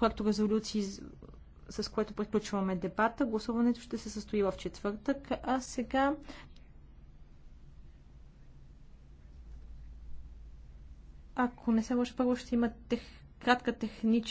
проекторезолюции, с което приключваме дебата. Гласуването ще се състои в четвъртък, а сега ако не се лъжа, първо ще има тех, кратка техническа